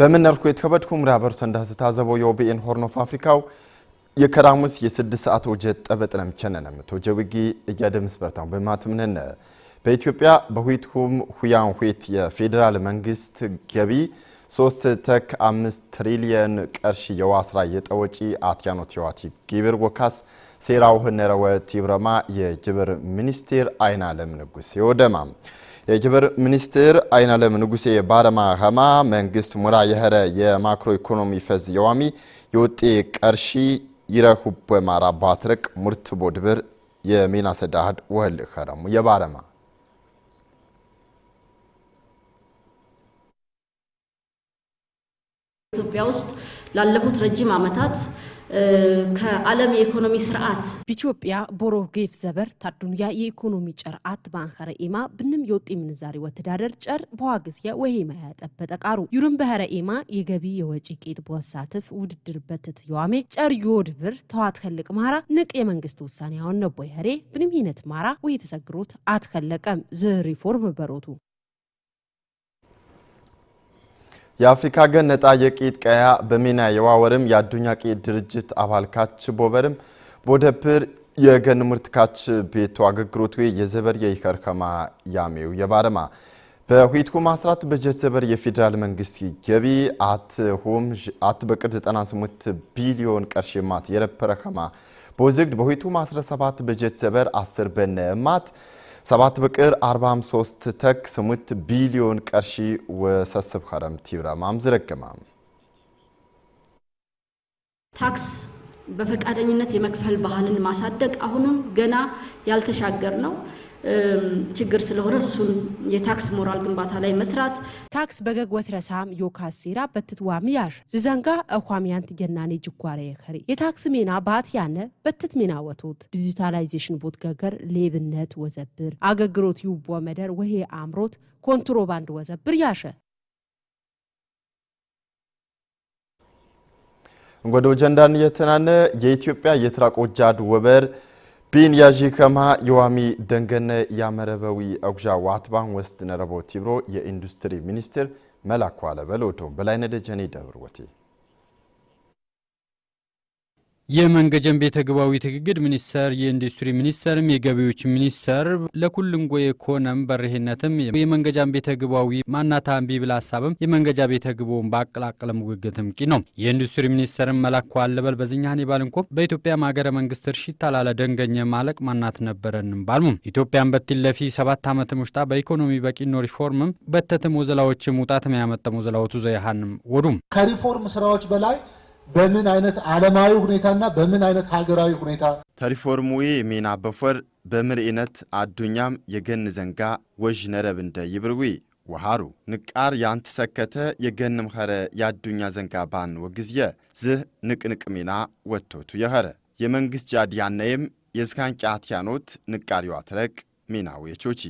በመነርኩ የተከበድኩ ምራበር ሰንዳ ስታዘበው የኦቢኤን ሆርን ኦፍ አፍሪካው የከራሙስ የስድስት ሰዓት ወጀት ጠበጥነም ቸነነም ቶጀውጊ እያደምስ በርታው በማትምነን በኢትዮጵያ በሁትሁም ሁያን ሁት የፌዴራል መንግስት ገቢ ሶስት ተክ አምስት ትሪሊየን ቀርሺ የዋስራ የጠወጪ አትያኖት የዋቲ ግብር ወካስ ሴራው ህነረወ ቲብረማ የግብር ሚኒስቴር አይና ለምንጉስ ይወደማ የክብር ሚኒስትር አይናለም ንጉሴ ባረማ ኸማ መንግስት ሙራ የኸረ የማክሮ ኢኮኖሚ ፈዝ የዋሚ የውጤ ቀርሺ ይረሁበ ማራ ባትረቅ ሙርትቦ ድብር የሚና ሰዳህድ ወህል ኸረሙ የባረማ ኢትዮጵያ ውስጥ ላለፉት ረጅም ዓመታት ከዓለም የኢኮኖሚ ስርዓት ኢትዮጵያ ቦሮ ጌፍ ዘበር ታዱንያ የኢኮኖሚ ጨርአት ባንኸረ ኤማ ብንም የውጥ ምንዛሪ ወትዳደር ጨር በዋ ጊዜ ወሄማ ያጠበጠ ቃሩ ዩርም በኸረ ኤማ የገቢ የወጪ ቄጥ በወሳትፍ ውድድር በትት የዋሜ ጨር ዮድ ብር ተዋት ከልቅ ማራ ንቅ የመንግስት ውሳኔ አሁን ነቦ ይኸሬ ብንም ሂነት ማራ ወይ ተሰግሮት አትከለቀም ዝ ሪፎርም በሮቱ የአፍሪካ ገን ነጣ የቂት ቀያ በሚና የዋወርም የአዱኛ ቂት ድርጅት አባል ካች ቦበርም ቦደፕር የገን ምርት ካች ቤቱ አገግሮት ወይ የዘበር የይከርከማ ያሜው የባረማ በሁትኩም ማስራት በጀት ዘበር የፌዴራል መንግስት ገቢ አትሆም አት በቅር 98 ቢሊዮን ቀርሽ ማት ቀርሽማት የረፐረከማ ቦዝግድ በሁትኩም 17 በጀት ዘበር 10 በነ ማት ሰባት ብቅር 43 ተክ 8 ቢሊዮን ቀርሺ ወሰስብ ኸረምቲ ብረማም ዝረግማ ታክስ በፈቃደኝነት የመክፈል ባህልን ማሳደግ አሁንም ገና ያልተሻገር ነው። ችግር ስለሆነ እሱን የታክስ ሞራል ግንባታ ላይ መስራት ታክስ በገግ ወትረሳም ዮካስ ሴራ በትትዋ ምያሽ ዝዘንጋ እኳሚያንት ጀናኔ ጅጓረ የከሪ የታክስ ሜና ባት ያነ በትት ሜና ወቶት ዲጂታላይዜሽን ቦት ገገር ሌብነት ወዘብር አገግሮት ይውቦ መደር ወሄ አምሮት ኮንትሮባንድ ወዘብር ያሸ እንጎዶ ጀንዳን የተናነ የኢትዮጵያ የትራቆጃድ ወበር ቢን ያዢ ከማ የዋሚ ደንገነ ያመረበዊ አጉዣ ዋትባን ወስድ ነረቦ ቲብሮ የኢንዱስትሪ ሚኒስትር መላኩ አለበል ወዶም በላይነህ ደብር ወቴ የመንገጀን ቤተግባዊ ትግግድ ሚኒስተር የኢንዱስትሪ ሚኒስተር የገቢዎች ሚኒስተር ለኩልን ጎየ ኮነም በርህነትም የመንገጃን ቤተግባዊ ማናታ አንቢ ብላ ሀሳብም የመንገጃ ቤተ ግቦን በአቀላቀለም ውግግትም ቂ ነው የኢንዱስትሪ ሚኒስተርን መላኩ አለበል በዚኛህን የባልንኮብ በኢትዮጵያ ማገረ መንግስት እርሺ ታላለ ደንገኘ ማለቅ ማናት ነበረንም ባልሙም ኢትዮጵያን በትል ለፊ ሰባት ዓመትም ውሽጣ በኢኮኖሚ በቂኖ ሪፎርምም በተትም ወዘላዎችም ውጣትም ያመጠም ወዘላወቱ ዘይሃንም ወዱም ከሪፎርም ስራዎች በላይ በምን አይነት ዓለማዊ ሁኔታና በምን አይነት ሀገራዊ ሁኔታ ተሪፎርሙዌ ሜና በፈር በምርኢነት አዱኛም የገን ዘንጋ ወዥ ነረብ እንደ ይብርዊ ወሃሩ ንቃር ያንትሰከተ የገን ምኸረ የአዱኛ ዘንጋ ባን ወግዝየ ዝህ ንቅንቅ ሜና ወቶቱ የኸረ የመንግሥት ጃድ ያነየም የዝካን ጫትያኖት ንቃር ይዋትረቅ ሜናዌ ቾቺ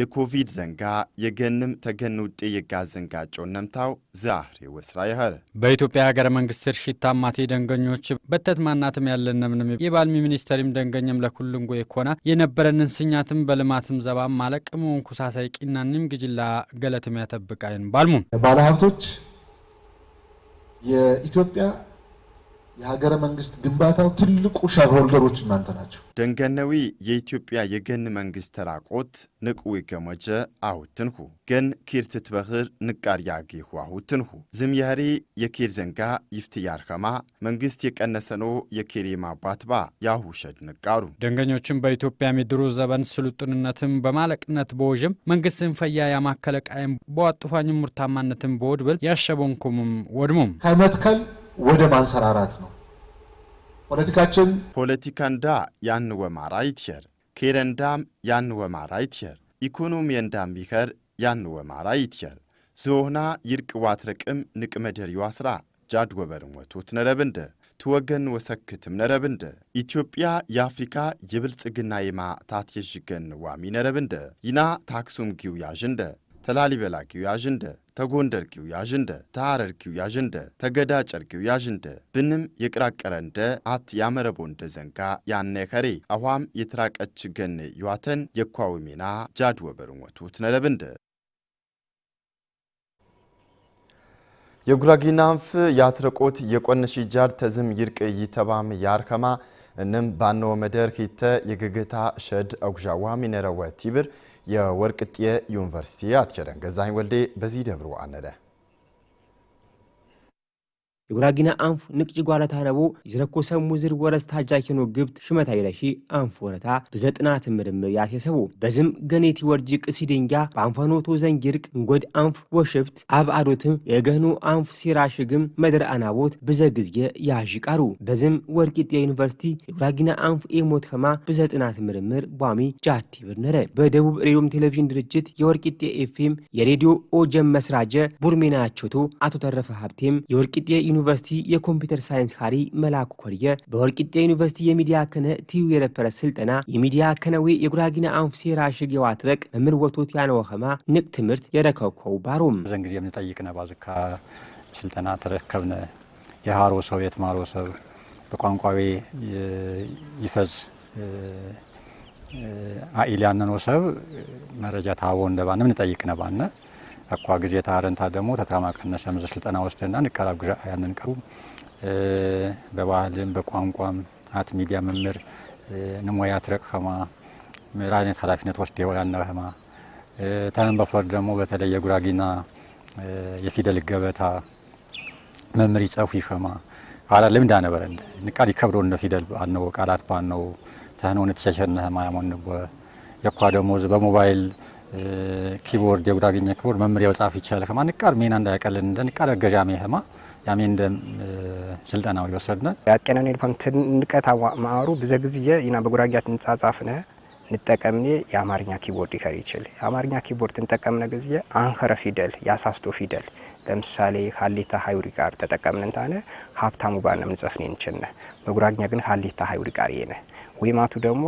የኮቪድ ዘንጋ የገንም ተገን ውጤ የጋዝ ዘንጋጮን ነምታው ዛሬ ወስራ ያኸረ በኢትዮጵያ ሀገረ መንግስት ሽታ ማቴ ደንገኞች በተት ማናትም ያለነምንም የባልሚ ሚኒስተሪም ደንገኘም ለኩልንጎ የኮና የነበረንን ስኛትም በልማትም ዘባም ማለቅ መሆን ኩሳሳይ ቂናንም ግጅላ ገለትም ያተብቃይን ባልሙን ባለሀብቶች የኢትዮጵያ የሀገረ መንግስት ግንባታው ትልቁ ሸርሆልደሮች እናንተ ናቸው። ደንገነዊ የኢትዮጵያ የገን መንግስት ተራቆት ንቁ ገመጀ አሁትንሁ ገን ኪር ትትበኽር ንቃር ያጊሁ አሁትንሁ ዝምያሪ የኬር ዘንጋ ይፍትያር ኸማ መንግስት የቀነሰኖ የኬሬማ ባትባ ያሁሸድ ንቃሩ ደንገኞችን በኢትዮጵያ ሚድሩ ዘበን ስሉጥንነትም በማለቅነት በወዥም መንግስትን ፈያ ያማከለ ቃይም በዋጥፋኝም ምርታማነትም በወድብል ያሸበንኩምም ወድሙም ከመትከል ወደ ማንሰራራት ነው። ፖለቲካችን ፖለቲከንዳ ያን ወማራይት ሄር ኬረንዳም ያን ወማራ ይትየር ኢኮኖሚ እንዳም ይኸር ያን ወማራ ይትየር ዝሆና ይርቅ ዋትረቅም ንቅመደሪዋ ስራ ጃድ ወበርም ወቶት ነረብንደ ትወገን ወሰክትም ነረብንደ ኢትዮጵያ የአፍሪካ የብልጽግና የማዕታት የዥገን ዋሚ ነረብንደ ይና ታክሱም ጊው ያዥንደ ተላሊበላ ኪው ያዥንደ ተጎንደር ኪው ያዥንደ ተሐረር ኪው ያዥንደ ተገዳ ጨር ኪው ያዥንደ ብንም የቅራቀረ እንደ አት ያመረቦ እንደ ዘንጋ ያነ ከሬ አኋም የትራቀች ገነ ይዋተን የኳዊ ሜና ጃድ ወበርንወቱት ነለብንደ የጉራጊናንፍ ያትረቆት የቆነሺ ጃድ ተዝም ይርቅ ይተባም ያርከማ እንም ባኖ መደር ሂተ የግግታ ሸድ አጉዣዋ ሚነረወ ቲብር የወርቅጤ ዩኒቨርሲቲ አትቸረን ገዛኝ ወልዴ በዚህ ደብሩ አነደ የጉራጊና አንፍ ንቅጭ ጓለታ ነቦ ይዝረኮ ሰብ ሙዝር ወረስ ታጃኪኖ ግብት ሽመታ ይለሺ አንፍ ወረታ ብዘጥናት ጥናት ምርምር ያትየሰቡ በዝም ገኔቲ ወርጂ ቅሲ ድንጋ በአንፈኖቶ ዘንግ ይርቅ እንጎድ አንፍ ወሽብት አብ አዶትም የገኑ አንፍ ሲራሽግም መድር አናቦት ብዘ ግዝጌ ያዥቃሩ በዝም ወርቂጤ ዩኒቨርሲቲ የጉራጊና አንፍ ኤሞት ከማ ብዘጥናት ምርምር ቧሚ ጃቲ ብር ነረ በደቡብ ሬዲዮም ቴሌቪዥን ድርጅት የወርቂጤ ኤፍኤም የሬዲዮ ኦጀም መስራጀ ቡርሜናቸቶ አቶ ተረፈ ሀብቴም የወርቂጤ ዩኒቨርሲቲ የኮምፒውተር ሳይንስ ካሪ መላኩ ኮርየ በወልቂጤ ዩኒቨርሲቲ የሚዲያ ከነ ቲዩ የረፈረ ስልጠና የሚዲያ ከነዌ የጉራጊና አንፍሴ ራሽግ የዋትረቅ መምህር ወቶት ያነወኸማ ንቅ ትምህርት የረከብከው ባሮም ዘን ጊዜ የምንጠይቅነ ባዝካ ስልጠና ተረከብነ የሃሮ ሰው የትማሮ ሰው በቋንቋዊ ይፈዝ አኢልያነኖ ሰብ መረጃ ታቦ እንደባነ ምንጠይቅ ነባነ አኳ ጊዜ ታረንታ ደግሞ ቀነሰ ምዘ ስልጠና ወስደና ንቀራብ ግዣ ያንን ቀሩ በባህልም በቋንቋም አት ሚዲያ መምህር ንሞያ ትረቅ ከማ ምራኔት ኃላፊነት ወስደ የወላነ ኸማ ተመን በፎር ደግሞ በተለይ የጉራጌና የፊደል ገበታ መምህር ይጸፉ ይኸማ አላ ልምዳ እንደ ንቃል ይከብሮ እንደ ፊደል አነው ቃላት ባነው ተህኖ ንትሸሸነ ኸማ ያሞን የኳ ደሞዝ በሞባይል ኪቦርድ የጉዳግኛ ኪቦርድ መምሪያው ጻፍ ይቻለ ከማ ንቃር ሜና እንዳያቀልን እንደ ንቃር ገዣ ሜ ያሜ እንደ ስልጠናው ይወሰድነ ያጤነን ልፋም ትንቀት ማሩ ብዘ ጊዜ ኢና በጉራጊያ ትንጻጻፍነ ንጠቀምኔ የአማርኛ ኪቦርድ ይከር ይችል የአማርኛ ኪቦርድ ትንጠቀምነ ጊዜ አንኸረ ፊደል ያሳስቶ ፊደል ለምሳሌ ሀሌታ ሀይውሪ ቃር ተጠቀምነን ታነ ሀብታሙ ባነ ምንጽፍኔ እንችነ በጉራግኛ ግን ሀሌታ ሀይውሪ ቃር የነ ወይማቱ ደግሞ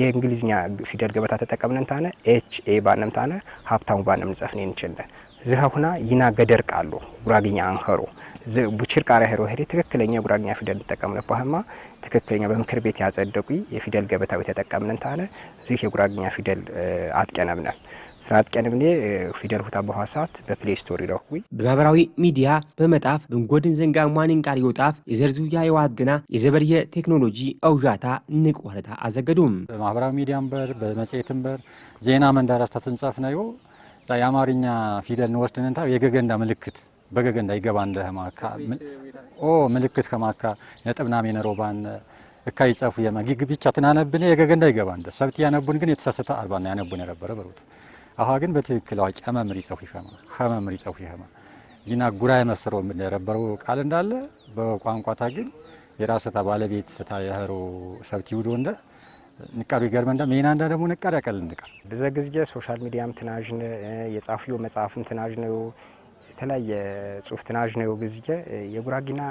የእንግሊዝኛ ፊደል ገበታ ተጠቀምነን ታነ ኤች ኤ ባንም ታነ ሀብታሙ ባንም ንጸፍኔ እንችልን ዝኸ ሁና ይና ገደር ቃሉ ጉራግኛ አንኸሩ ቡችር ቃሪያ ሄሮ ሄሬ ትክክለኛ ጉራግኛ ፊደል እንጠቀምነ ባህማ ትክክለኛ በምክር ቤት ያጸደቁ የፊደል ገበታዊ ተጠቀምነን ታነ እዚህ የጉራግኛ ፊደል አጥቀነብነ ስራ አጥቀንብኔ ፊደል ሁታ በኋሳት በፕሌይ ስቶሪ ይለኩ በማህበራዊ ሚዲያ በመጣፍ ብንጎድን ዘንጋ ሟኒን ቃሪ ወጣፍ የዘርዙያ የዋት የዘበርየ ቴክኖሎጂ አውዣታ ንቅ ወረታ አዘገዱም በማህበራዊ ሚዲያም በር በመጽሔትም በር ዜና መንዳራስታ ትንጻፍ ነው የአማርኛ ፊደል ንወስድንንታ የገገንዳ ምልክት በገገንዳ ይገባን ለማካ ኦ ምልክት ከማካ ነጥብና ሚነሮባን እካ ይጸፉ የማጊግ ብቻ ትናነብነ የገገንዳ ይገባን እንደ ሰብት ያነቡን ግን የተሳሰተ አርባና ያነቡን የነበረ በሩት አሃ ግን በትክክል አዋጭ ጨመምሪ ጸፉ ይፈማ ኸመምሪ ጸፉ ይፈማ ሊና ጉራ የመስሮ የነበረው ቃል እንዳለ በቋንቋታ ግን የራስታ ባለቤት ፍታ የህሮ ሰብት ይውዶ እንደ ንቃሩ ይገርመ እንደ ሜና እንደ ደግሞ ንቃር ያቀል እንድቃል በዛ ጊዜ ሶሻል ሚዲያም ትናዥነ የጻፊው መጽሐፍም ትናዥ ነው የተለያየ ጽሁፍ ትናዥ ነው ግዝየ የጉራጊና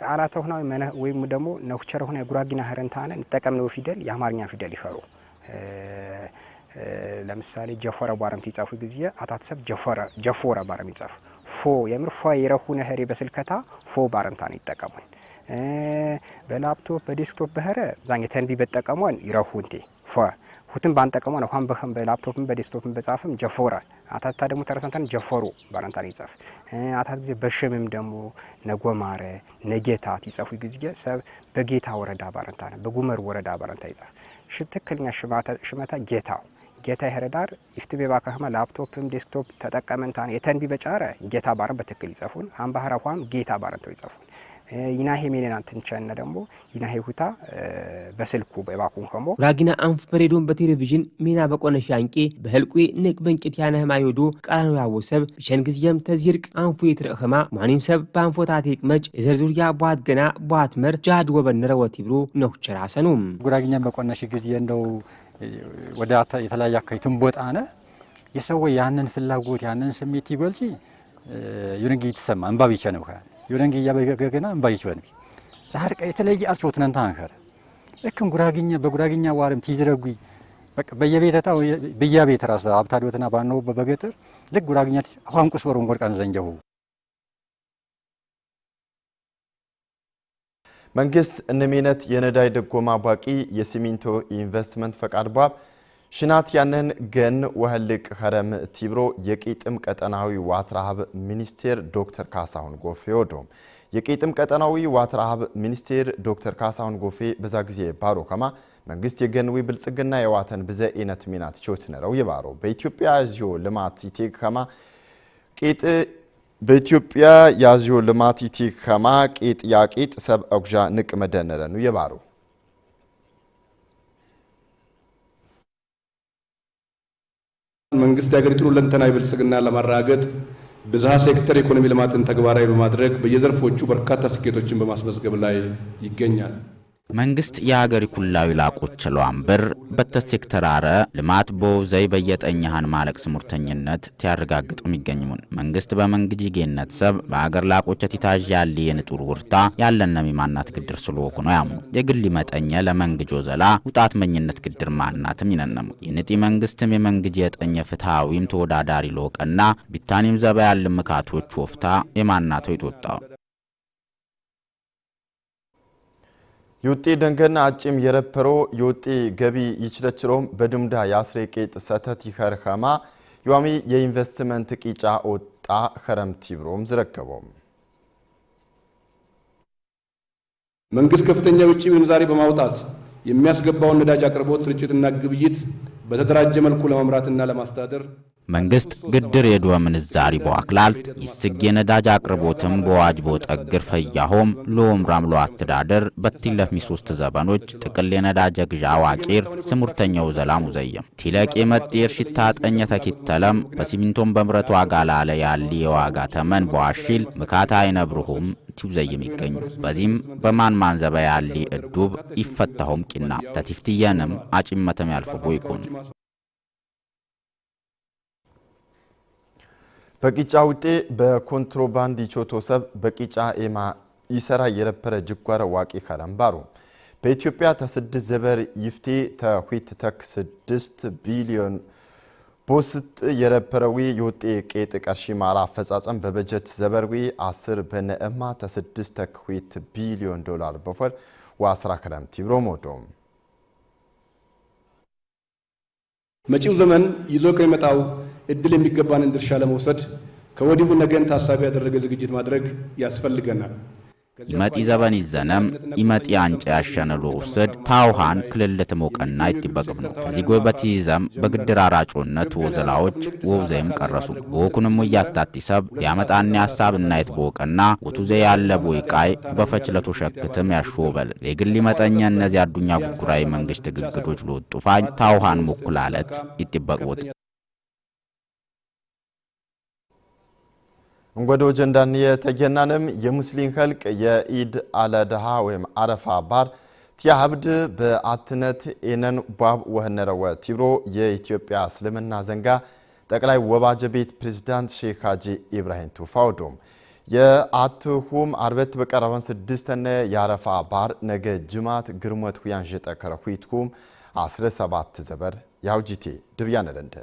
ቃላተ ሆና ወይም ደግሞ ነኩቸረ ሆና የጉራጊና ህረንታነ እንጠቀም ነው ፊደል የአማርኛ ፊደል ይኸሩ ለምሳሌ ጀፎረ ባረምት ይጻፉ ጊዜ አታትሰብ ጀፎረ ጀፎረ ባረም ይጻፉ ፎ የምር ፎ ይረሁ ነህሪ በስልከታ ፎ ባረምታ ነው ይጠቀሙን በላፕቶፕ በዲስክቶፕ በህረ ዛን የተንቢ በጠቀሙን ይረሁንቴ ፎ ሁትን ባንጠቀሙ በላፕቶፕም በዴስክቶፕም በጻፍም ጀፎረ አታታ ደግሞ ጀፎሩ ይጻፍ አታት ጊዜ በሽምም ደግሞ ነጎማረ ነጌታት ይጻፉ ጊዜ ሰብ በጌታ ወረዳ ነው በጉመር ወረዳ ይጻፍ ሽትክልኛ ሽመታ ጌታው ጌታ ይሄረዳር ላፕቶፕም ዴስክቶፕ የተንቢ በጫረ ጌታ ባረን በትክክል ይጻፉን ኳም ጌታ ባረንተው ይጻፉን ይናሄ ሜኔናን ትንቸነ ደግሞ ይናሄ ሁታ በስልኩ በባኩን ከሞ ራጊና አንፍ በሬዶን በቴሌቪዥን ሜና በቆነሽ አንቄ በህልቁ ንቅ በንቄት ያነ ህማ ይወዶ ቃላኑ ያወሰብ ብሸን ግዚየም ተዚርቅ አንፉ የትረእ ህማ ማኒም ሰብ በአንፎታት ይቅመጭ የዘርዙርያ ቧት ገና ቧት መር ጃድ ወበነረ ወቲ ብሎ ነኩቸራ ሰኑም በቆነሽ ጊዜ እንደው ወደ የተለያየ አካይቱን ቦጣነ የሰው ያንን ፍላጎት ያንን ስሜት ይጎልሲ ዩንግ ይተሰማ እንባብ ይቸነው ዮለንጌያ በገገና እንባይች ወንቢ ዛርቀ የተለየ አርሶ ትነንታ አንከረ ልክም ጉራግኛ በጉራግኛ ዋርም ቲዝረጉ በቃ በየቤት ራስ አብታዶትና ባነው በገጠር ልክ ጉራግኛ አሁንቁስ ወሮን ጎርቃን ዘንጀው መንግስት እንሚነት የነዳይ ድጎማ ባቂ የሲሚንቶ ኢንቨስትመንት ፈቃድ ባብ ሽናት ያነን ገን ወህልቅ ኸረም ቲብሮ የቂጥም ቀጠናዊ ዋትራሃብ ሚኒስቴር ዶክተር ካሳሁን ጎፌ ወዶም የቂጥም ቀጠናዊ ዋትራሃብ ሚኒስቴር ዶክተር ካሳሁን ጎፌ በዛ ጊዜ ባሮ ከማ መንግስት የገንዊ ብልጽግና የዋተን ብዘ ኢነት ሚናት ቾት ነረው ይባሮ በኢትዮጵያ ዚዮ ልማት ይቴግ ከማ ቂጥ በኢትዮጵያ ያዚዮ ልማት ይቴግ ከማ ቂጥ ያቂጥ ሰብ አጉዣ ንቅ መደነረኑ የባሩ መንግስት የሀገሪቱን ሁለንተናዊ ብልጽግና ለማረጋገጥ ብዝሃ ሴክተር ኢኮኖሚ ልማትን ተግባራዊ በማድረግ በየዘርፎቹ በርካታ ስኬቶችን በማስመዝገብ ላይ ይገኛል። መንግስት የሀገሪ ኩላዊ ላቆች ለዋንብር በተሴክተራረ ልማት ቦ ዘይ በየጠኛህን ማለቅ ስሙርተኝነት ቲያረጋግጥ የሚገኝሙን መንግስት በመንግጅ ጌነት ሰብ በሀገር ላቆች ቲታዥ ያል የንጡር ውርታ ያለነ ሚማናት ግድር ስለወኩ ነው ያምኑ የግል መጠኘ ለመንግጆ ዘላ ውጣት መኝነት ግድር ማናትም ይነነሙ የንጢ መንግስትም የመንግጅ የጠኘ ፍትሃዊም ተወዳዳሪ ለወቀና ቢታኒም ዘባ ያልምካቶች ወፍታ የማናተው ይጦጣው የውጤ ደንገና አጭም የረፐሮ የውጤ ገቢ ይችለችሮም በድምዳ የአስሬ ቄጥ ሰተት ይኸርኸማ ዮሚ የኢንቨስትመንት ቂጫ ወጣ ኸረምቲ ብሮም ዝረከቦም መንግስት ከፍተኛ የውጭ ምንዛሪ በማውጣት የሚያስገባውን ነዳጅ አቅርቦት ስርጭትና ግብይት በተደራጀ መልኩ ለመምራትና ለማስተዳደር መንግስት ግድር የዱወ ምንዛሪ በዋክላልት ይስግ የነዳጅ አቅርቦትም በዋጅ ቦጠግር ፈያሆም ሎም ራምሎ አትዳደር በቲለፍ ሚሶስት ዘበኖች ጥቅል የነዳጅ ግዣ ዋቂር ስሙርተኛው ዘላሙ ዘየም ቲለቅ የመጤር ሽታ ጠኘ ተኪተለም በሲሚንቶም በምረት ዋጋ ላለ ያሊ የዋጋ ተመን በዋሺል ምካታ አይነብርሁም ቲው ዘይም ይገኙ በዚህም በማን ማን ዘበ ያሊ እዱብ ይፈታሁም ቂና ተቲፍትየንም አጭመተም ያልፈቦ ይኩን በቂጫ ውጤ በኮንትሮባንድ ይቾቶ ሰብ በቂጫ ኤማ ይሰራ የረፐረ ጅጓረ ዋቂ ከለምባሩ በኢትዮጵያ ተስድስት ዘበር ይፍቴ ተዊት ተክ ስድስት ቢሊዮን ቦስጥ የረፐረዊ የውጤ ቄጥ ቀርሺ ማራ አፈጻጸም በበጀት ዘበርዊ 10 በነእማ ተስድስት ተክዊት ቢሊዮን ዶላር በፈር ዋስራ ክረምት ይብሮሞዶም መጪው ዘመን ይዞ ከሚመጣው እድል የሚገባንን ድርሻ ለመውሰድ ከወዲሁ ነገን ታሳቢ ያደረገ ዝግጅት ማድረግ ያስፈልገናል። ይመጢ ዘበኒዘነም ይመጢ አንጨ ያሸነሉ ውሰድ ታውሃን ክልልት ሞቀና ይትበቅም ነው ከዚህ ተዚጎይ በትይዘም በግድር አራጮነት ወዘላዎች ወውዘይም ቀረሱ ወኩንም እያታቲ ሰብ ያመጣን እና ይትቦቀና ወቱዘ ያለ ቦይ ቃይ በፈችለቱ ሸክትም ያሾበል የግል መጠኛ እነዚህ አዱኛ ጉጉራዊ መንግሥት ግግዶች ሎጡፋኝ ታውሃን ሞኩላለት ይትበቅቦት እንጎዶ ጀንዳን የተገናንም የሙስሊም ህልቅ የኢድ አለድሃ ወይም አረፋ ባር ቲያብድ በአትነት ኤነን ባብ ወህነረወ ቲብሮ የኢትዮጵያ እስልምና ዘንጋ ጠቅላይ ወባጀ ቤት ፕሬዝዳንት ሼክ ሀጂ ኢብራሂም ቱፋውዶም የአትሁም አርበት በቀረበን ስድስተነ የአረፋ ባር ነገ ጅማት ግርሞት ሁያንሸጠ ከረሁትኩም 17 ዘበር ያውጂቴ ድብያነለንደ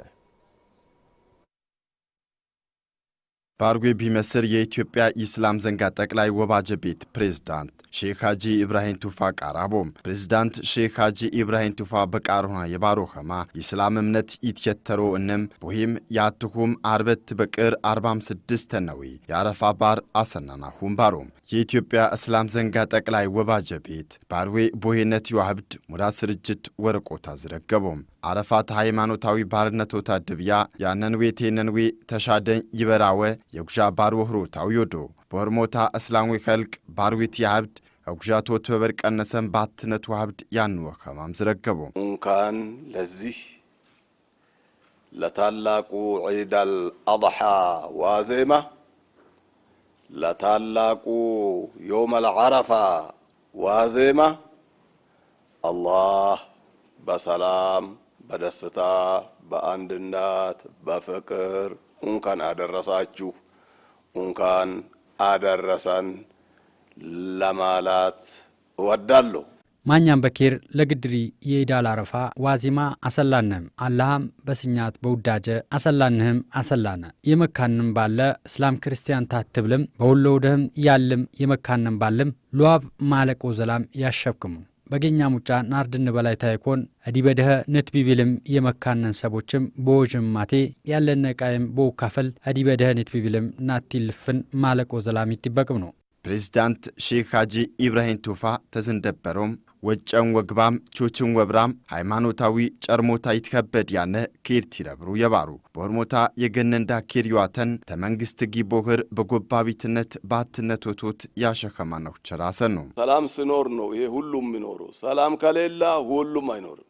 በአርጎቢ መስር የኢትዮጵያ ኢስላም ዘንጋ ጠቅላይ ወባጀ ቤት ፕሬዝዳንት ሼክ ሀጂ ኢብራሂም ቱፋ ቃራቦም ፕሬዝዳንት ሼክ ሀጂ ኢብራሂም ቱፋ በቃሩና የባሮ ኸማ ኢስላም እምነት ኢትየተሮ እንም ቦሂም የአትሁም አርበት በቅር 46 ተነዊ የአረፋ ባር አሰናናሁም ባሮም የኢትዮጵያ እስላም ዘንጋ ጠቅላይ ወባጀ ቤት ባርዌ ቦሄነት ዮሀብድ ሙዳ ስርጅት ወረቆታ ዝረገቦም አረፋት ሃይማኖታዊ ባርነቶ ታድብያ ያነንዌ ቴነንዌ ተሻደኝ ይበራወ የጉዣ ባር ወህሮታዊ ዮዶ በርሞታ እስላሙ ከልቅ ባርዊት ያብድ አጉዣቶት በበር ቀነሰን ባትነት ሀብድ ያን ወከማም ዝረገቡ እንኳን ለዚህ ለታላቁ ዒድ አልአድሓ ዋዜማ ለታላቁ ዮውም አልዓረፋ ዋዜማ አላህ በሰላም በደስታ በአንድነት በፍቅር እንኳን አደረሳችሁ እንኳን አደረሰን ለማላት እወዳለሁ። ማኛም በኬር ለግድሪ የኢዳል አረፋ ዋዜማ አሰላንህም አላህም በስኛት በውዳጀ አሰላንህም አሰላነ የመካንም ባለ እስላም ክርስቲያን ታትብልም በወሎ ደህም ያልም የመካንም ባልም ሉዋብ ማለቆ ዘላም ያሸብክሙ በገኛ ሙጫ ናርድን በላይ ታይኮን እዲ በድኸ ነት ቢቢልም የመካነን ሰቦችም በወዥም ማቴ ያለነ ቃይም በውካፈል እዲ በድኸ ነት ቢቢልም ናቲ ልፍን ማለቆ ዘላሚት ይበቅም ነው ፕሬዚዳንት ሼክ ሀጂ ኢብራሂም ቱፋ ተዝንደበሮም ወጨን ወግባም ቾችን ወብራም ሃይማኖታዊ ጨርሞታ ይትከበድ ያነ ኬድ ቲረብሩ የባሩ በርሞታ የገነንዳ ኬር ይዋተን ተመንግስት ጊቦህር በጎባቢትነት ባትነት ወቶት ያሸከማ ነው ቸራሰ ነው ሰላም ስኖር ነው ይሄ ሁሉም የሚኖሩ ሰላም ከሌላ ሁሉም አይኖርም።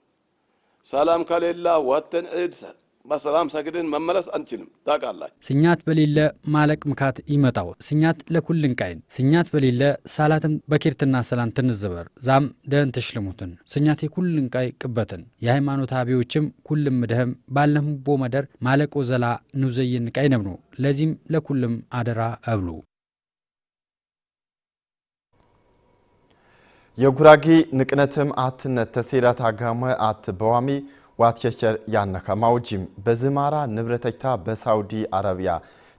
ሰላም ከሌላ ዋተን ዕድሰት በሰላም ሰግድን መመለስ አንችልም ታቃላች ስኛት በሌለ ማለቅ ምካት ይመጣው ስኛት ለኩልን ቃይን ስኛት በሌለ ሳላትም በኬርትና ሰላም ትንዝበር ዛም ደህን ትሽልሙትን ስኛት የኩልን ቃይ ቅበትን የሃይማኖት አቢዎችም ኩልም ምድህም ባለም መደር ማለቆ ዘላ ንውዘይን ቃይ ነብኑ ለዚህም ለኩልም አደራ እብሉ የጉራጌ ንቅነትም አትነት ተሴዳት አጋመ አት በዋሚ ዋትኬኬር ያነኸማው ጂም በዝማራ ንብረተክታ በሳውዲ አረቢያ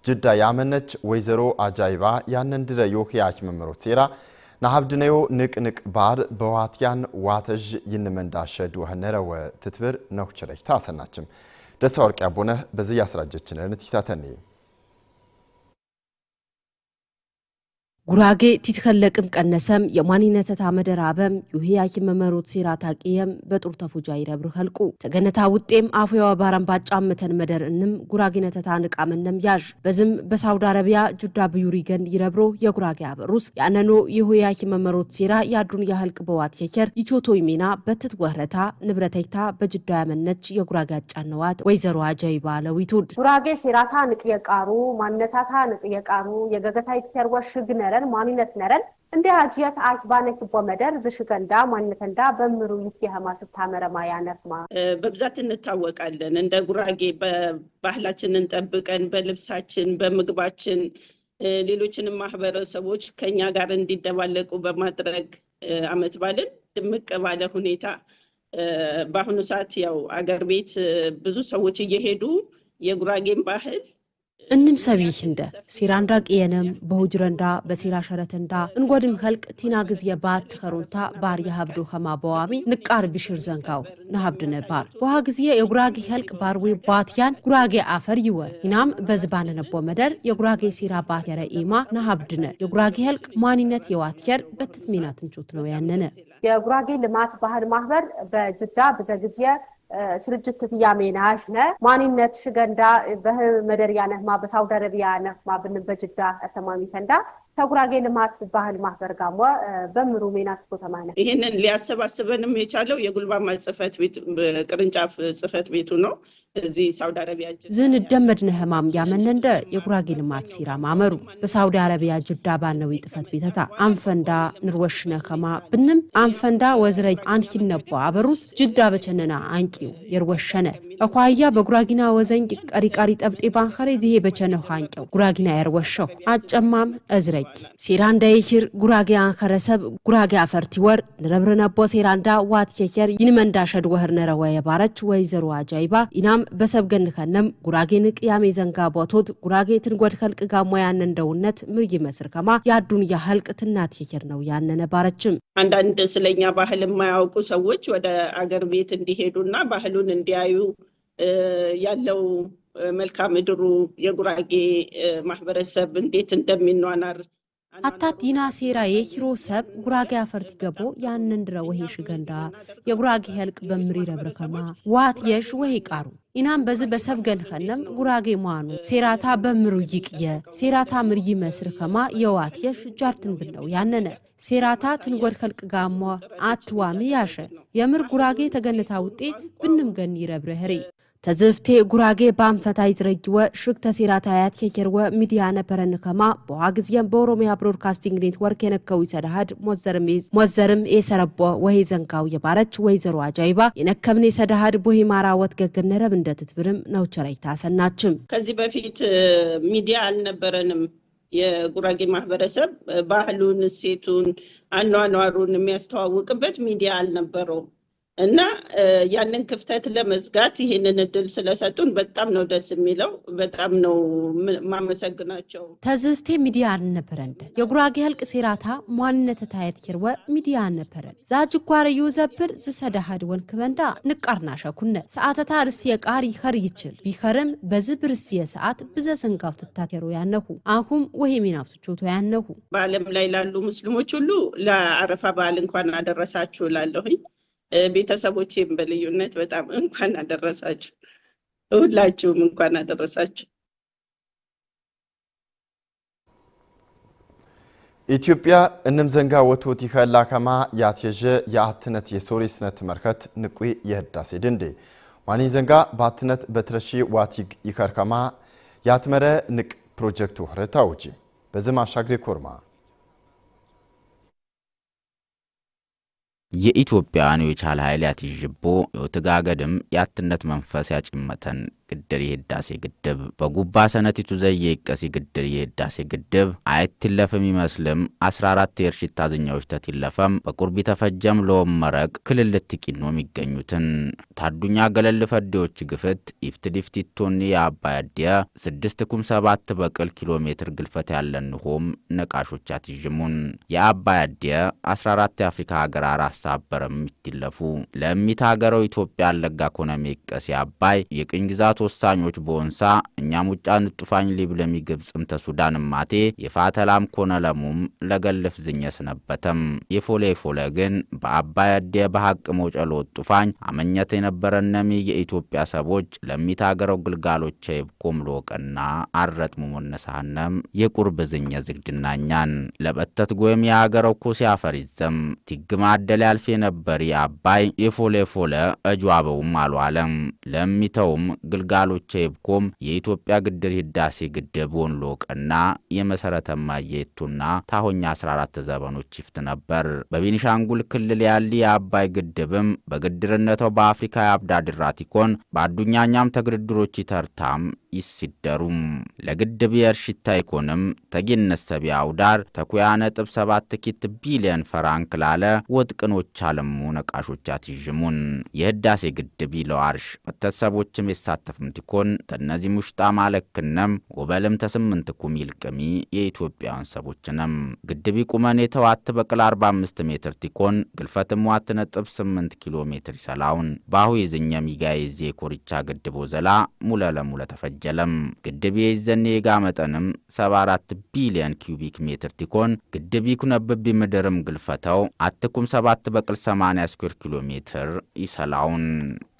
ጅዳ ያመነች ወይዘሮ አጃይባ ያንን ድረ ዮክያች መምሮት ሴራ ናሀብድነዮ ንቅንቅ ባር በዋትያን ዋተዥ ይንመንዳሸድ ወህነረወ ትትብር ነውችረች ታሰናችም ደሳ ወርቅ ያቦነህ በዚህ ያስራጀችን ርነት ጉራጌ ቲትከለቅም ቀነሰም የማንነተታ መደራበም ዩህያኪ መመሮት ሴራ ታቂየም በጡር ተፉጃ ይረብር ከልቁ ተገነታ ውጤም አፉ የዋባራን መተን መደር እንም ነተታ ንቃመነም ያዥ በዝም በሳውዲ አረቢያ ጁዳ ብዩሪገን ይረብሮ የጉራጌ አበሩስ ያነኖ የሁያኪ መመሮት ሴራ ያዱን ያህልቅ በዋት የኬር ይቾቶ ይሜና በትት ወህረታ ንብረተይታ በጅዳ ያመነች የጉራጌ አጫነዋት ወይዘሮ አጃይ ባለዊቱድ ጉራጌ ሴራታ ንቅየቃሩ የቃሩ ማነታታ ንቅ የቃሩ የገገታ ይትከርወሽ ግነረ ማንነት ማንነትነረን እንደ አጅየት አጅባነ ኪቦ መደር ዝሽገንዳ ማንነተንዳ በምሩ ይፍት የማስብታ መረማ ያነፍማ በብዛት እንታወቃለን። እንደ ጉራጌ በባህላችን እንጠብቀን በልብሳችን፣ በምግባችን ሌሎችንም ማህበረሰቦች ከኛ ጋር እንዲደባለቁ በማድረግ አመት ባልን ድምቅ ባለ ሁኔታ በአሁኑ ሰዓት ያው አገር ቤት ብዙ ሰዎች እየሄዱ የጉራጌን ባህል እንም ሰቢህ እንደ ሲራንዳ ቅየነም በሁጅረንዳ በሲራ ሸረተንዳ እንጎድም ከልቅ ቲና ጊዜ ባት ከሩንታ ባር የሀብዶ ኸማ በዋሚ ንቃር ብሽር ዘንጋው ንሀብድ ነባር ውሃ ጊዜ የጉራጌ ከልቅ ባርዌ ባትያን ጉራጌ አፈር ይወር ይናም በዝባነ ነቦ መደር የጉራጌ ሲራ ባትያረ የረ ኢማ ንሀብድነ የጉራጌ ከልቅ ማንነት የዋትየር በትትሜናትንቾት ነው ያነነ የጉራጌ ልማት ባህል ማህበር በጅዳ ብዘ ጊዜ ስርጅት ክፍያሜ ናሽ ነ ማንነት ሽገንዳ በህ መደርያ ነህማ በሳውዲ አረቢያ ነህማ ብንበጅዳ በጅዳ ከተማ ከጉራጌ ልማት ባህል ማህበር ጋሞ በምሩ ሜናት ኮተማነ ይህንን ሊያሰባስበንም የቻለው የጉልባማ ጽፈት ቤት ቅርንጫፍ ጽፈት ቤቱ ነው። እዚህ ሳውዲ አረቢያ ዝን ደመድነ ህማም ያመነንደ የጉራጌ ልማት ሲራ ማመሩ በሳውዲ አረቢያ ጅዳ ባነዊ ጥፈት ቤተታ አንፈንዳ ንርወሽነ ከማ ብንም አንፈንዳ ወዝረ አንኪነቦ አበሩስ ጅዳ በቸነና አንቂው የርወሸነ እኳያ በጉራጊና ወዘንግ ቀሪቃሪ ጠብጤ ባንኸሬ ዚሄ በቸነው ሃንቀው ጉራጊና ያርወሸው አጨማም እዝረግ ሴራንዳ የሽር ጉራጌ አንኸረሰብ ጉራጌ አፈርቲ ወር ንረብረነቦ ሴራንዳ ዋት ኬኬር ይንመንዳ ሸድ ወህር ነረወ የባረች ወይዘሮ አጃይባ ኢናም በሰብገን ከነም ጉራጌ ንቅ ያሜ ዘንጋ ቦቶት ጉራጌ ትንጎድ ከልቅ ጋሞ ያነ እንደውነት ምር ይመስር ከማ ያዱን ያህልቅ ትናት ኬኬር ነው ያነነ ባረችም አንዳንድ ስለኛ ባህል የማያውቁ ሰዎች ወደ አገር ቤት እንዲሄዱና ባህሉን እንዲያዩ ያለው መልክዓ ምድሩ የጉራጌ ማህበረሰብ እንዴት እንደሚኗናር አታት ይና ሴራ የሂሮ ሰብ ጉራጌ አፈርት ገቦ ያንን ድረ ወሄ ሽገንዳ የጉራጌ ህልቅ በምሪ ረብረከማ ዋት የሽ ወሄ ቃሩ ኢናም በዚህ በሰብ ገንኸነም ጉራጌ ማኑ ሴራታ በምሩ ይቅየ ሴራታ ምርይ መስር ከማ የዋት የሽ ጃርትን ብለው ያነነ ሴራታ ትንጎድ ከልቅ ጋሟ አትዋም ያሸ የምር ጉራጌ ተገነታ ውጤ ብንም ገን ይረብረህሬ ተዝፍቴ ጉራጌ ባንፈታ ይትረጅወ ሽግ ተሴራታያት የጀርወ ሚዲያ ነበረ ንከማ በዋ ጊዜም በኦሮሚያ ብሮድካስቲንግ ኔትወርክ የነከው ሰዳሃድ ሞዘርም የሰረቦ ወይ ዘንካው የባረች ወይዘሮ አጃይባ የነከምን የሰዳሃድ ቦሂማራ ወት ገገነረብ እንደ ትትብርም ነው ቸረይታ አሰናችም። ከዚህ በፊት ሚዲያ አልነበረንም። የጉራጌ ማህበረሰብ ባህሉን፣ እሴቱን፣ አኗኗሩን የሚያስተዋውቅበት ሚዲያ አልነበረውም። እና ያንን ክፍተት ለመዝጋት ይህንን እድል ስለሰጡን በጣም ነው ደስ የሚለው። በጣም ነው ማመሰግናቸው። ተዝፍቴ ሚዲያ ነበረንደ የጉራጌ ህልቅ ሴራታ ሟንነት ታየት ኪርወ ሚዲያ አልነበረን ዛጅ ጓር ዩዘብር ዝሰዳ ወን ክበንዳ ንቃርና ሸኩነ ሰአተታ ርስየ ቃር ይኸር ይችል ቢኸርም በዝብ ርስየ ሰዓት ብዘ ሰንጋው ትታቴሮ ያነሁ አሁም ወሄ ሚናብቶቾቶ ያነሁ በዓለም ላይ ላሉ ሙስሊሞች ሁሉ ለአረፋ በዓል እንኳን አደረሳችሁ ላለሁኝ ቤተሰቦቼም በልዩነት በጣም እንኳን አደረሳችሁ። ሁላችሁም እንኳን አደረሳችሁ። ኢትዮጵያ እንም ዘንጋ ወቶ ቲኸላ ከማ ያትየዠ የአትነት የሶሪ ስነ መርከት ንቁ የህዳሴ ድንዴ ማኒ ዘንጋ በአትነት በትረሺ ዋቲግ ይከርከማ ያትመረ ንቅ ፕሮጀክት ውህረት ታውጂ በዝም አሻግሬ ኮርማ የኢትዮጵያን የቻለ ኃይል ያትዥቦ ትጋገድም ያትነት መንፈስ ያጭመተን ግድር የህዳሴ ግድብ በጉባ ሰነቲቱ ዘየ ይቀሲ ግድር የህዳሴ ግድብ አይትለፍም ይመስልም 14 የእርሽት ታዝኛዎች ተትለፈም በቁርቢ ተፈጀም ለወም መረቅ ክልልት ቂኖ የሚገኙትን ታዱኛ ገለል ፈዴዎች ግፍት ኢፍት ዲፍቲቶኒ የአባይ አዲያ ስድስት ኩም ሰባት በቅል ኪሎ ሜትር ግልፈት ያለንሆም ነቃሾች አትዥሙን የአባይ አዲያ 14 የአፍሪካ ሀገር አራሳ አበረም ይትለፉ ለሚት ሀገረው ኢትዮጵያ አለጋ ኮነሜ ቀስ የአባይ የቅኝ ግዛት ወሳኞች ቦንሳ እኛም ውጫን ጡፋኝ ሊብ ግብጽም ተሱዳን ማቴ የፋተላም ኮነ ለሙም ለገልፍ ዝኘስ ነበተም የፎሌ ፎለ ግን በአባይ አዴ በሀቅ መውጨሎ ጡፋኝ አመኘት የነበረነሚ የኢትዮጵያ ሰቦች ለሚታገረው ግልጋሎች የብኮም ሎቅና አረት ሙሞነሳህነም የቁርብ ዝኘ ዝግድናኛን ለበተት ጎየም የአገረው ኩስ ያፈሪዘም ቲግማ አደል ያልፍ የነበር የአባይ የፎሌ ፎለ እጇበውም አልዋለም ለሚተውም ግል ግልጋሎች የብኮም የኢትዮጵያ ግድር ህዳሴ ግድብ ወንሎ የመሰረተ ማየቱና ታሆኛ 14 ዘበኖች ይፍት ነበር። በቤኒሻንጉል ክልል ያለ የአባይ ግድብም በግድርነተው በአፍሪካ የአብዳድራት ይኮን በአዱኛኛም ተግድድሮች ይተርታም ይስደሩም ለግድብ የእርሽታ ኢኮኖም ተጌነት ሰቢያው ተኩያ ነጥብ ሰባት ኪት ቢሊየን ፈራንክ ላለ ወጥቅኖች አለሙ ነቃሾች አትዥሙን የህዳሴ ግድብ ይለዋርሽ መተሰቦችም የሳተፍም ትኮን ተነዚህ ሙሽጣ ማለክነም ወበልም ተስምንት ኩም ይልቅሚ የኢትዮጵያን ሰቦችንም ግድብ ቁመን የተዋት በቅል 45 ሜትር ቲኮን ግልፈትም ዋት ነጥብ 8 ኪሎ ሜትር ይሰላውን ባሁ የዝኛ ሚጋይ ዜ ኮሪቻ ግድቦ ዘላ ሙለ ለሙለ ተፈጀ አልወነጀለም። ግድብ የይዘን የጋ መጠንም 74 ቢሊዮን ኪዩቢክ ሜትር ቲኮን ግድብ ይኩነብብ ምድርም ግልፈተው አትኩም 7 በቅል 80 ስኩር ኪሎ ሜትር ይሰላውን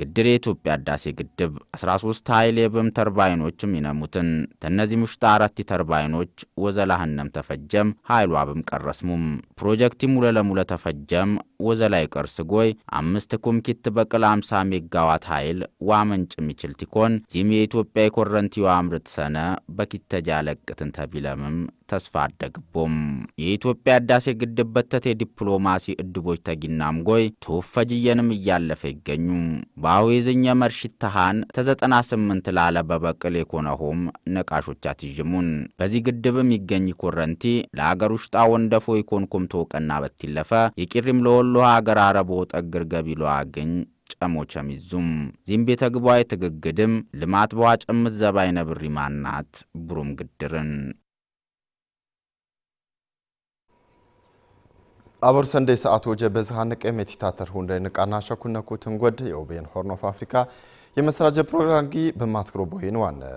ግድር የኢትዮጵያ ህዳሴ ግድብ 13 ኃይል የብም ተርባይኖችም ይነሙትን ተነዚህ ሙሽጣ አራት ተርባይኖች ወዘላህነም ተፈጀም ኃይሉ አብም ቀረስሙም ፕሮጀክቲ ሙለ ለሙለ ተፈጀም ወዘላይ ቀርስ ጎይ አምስት ኩም ኪት በቅል 50 ሜጋዋት ኃይል ዋመንጭ የሚችል ቲኮን ዚም የኢትዮጵያ የኮረ ቅረንቲዮ አምርት ሰነ በኪተ ጃለቅትን ተቢለምም ተስፋ አደግቦም የኢትዮጵያ ሕዳሴ ግድብ በተት የዲፕሎማሲ እድቦች ተጊናም ጎይ ተወፈጅየንም እያለፈ ይገኙ በአዌዝኝ መርሽት ተሃን ተዘጠና ስምንት ላለ በበቅል የኮነሆም ነቃሾች አትዥሙን በዚህ ግድብም ይገኝ ኮረንቲ ለአገር ውሽጣ ወንደፎ ኢኮንኩም ተውቀና በትለፈ የቂሪም ለወሎ ሀገር አረቦ ጠግር ገቢሎ አግኝ ጠሞቸም ይዙም ዚምቤተ ግቧይ ትግግድም ልማት በዋ ጭምት ዘባይ ነብሪ ማናት ቡሩም ግድርን አበር ሰንደይ ሰዓት ወጀ በዝሃ ንቀ የሜቲታተር ሁንደ ንቃና ሸኩነኩ ትንጎድ የኦቤን ሆርን ኦፍ አፍሪካ የመሰራጀ ፕሮግራም ጊ በማትክሮ ቦሄን ዋነ